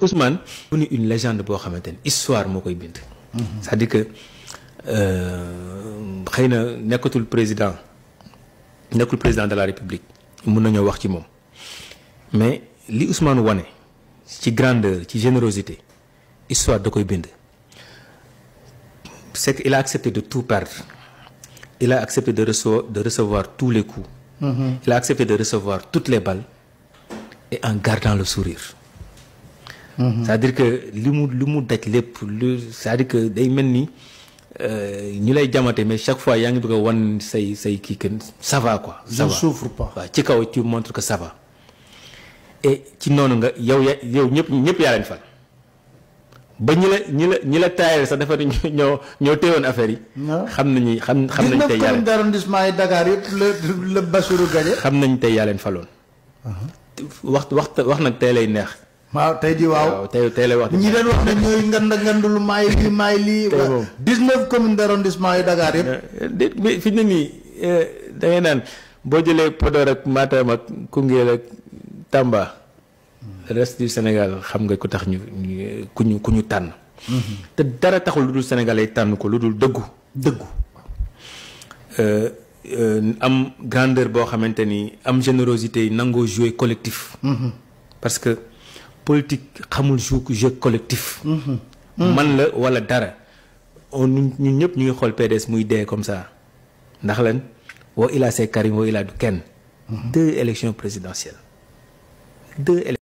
Ousmane est une légende pour xamante une histoire moo c'est-à-dire que euh, xëy na le président président de la république il nañoo wax ci moom mais li Ousmane wane ci grandeur ci générosité histoire de koy c'est qu'il a accepté de tout perdre il a accepté de recevoir de recevoir tous les coups mm-hmm. il a accepté de recevoir toutes les balles et en gardant le sourire Mm-hmm. c'est-à-dire que limu limu li mu daj lépp c'est-à-dire que day melni euh ñu lay jamaté mais chaque fois yaa ngi bëgg won say say ki kenn ça va quoi. ça va je souffre pas. ci kaw tu montre que ça va et ci noonu nga yow yow ñep ñep ya lañ fal ba ñi la ñi la ñi la taayal sax dafa ñoo ñoo téwone affaire yi. xam nañu xam xam nañ tey yaa leen arrondissement yi Dakar yëpp le le Bassirou Gaye xam nañ tey yaa leen faloon. Uh-huh. waxt wax wax nag tey lay neex. waaw tey jii waaw waaw tey tey lay wax. ñi doon wax ne ñooy ngand ngand lu maay lii maay lii. tey moom 19 communes d' arrondissement yëpp. Eh, fi ne nii eh, da ngay naan boo jëlee Podor ak Matam ak Koungheul ak Tamba. reste du Sénégal xam nga ko tax ñu ku ñu ku ñu tànn. Mm-hmm. te dara taxul lu dul Sénégalais tànn ko lu dul dëggu. dëggu. Eh, am grandeur boo xamante ni am générosité nangoo jouer collectif. Mm-hmm. parce que. politique xamul joue jeu collectif. man la wala dara. on ñun ñëpp ñuy xol PDS muy dé comme ça ndax lan wo ila c'est Karim wo ila du ken deux élections présidentielles deux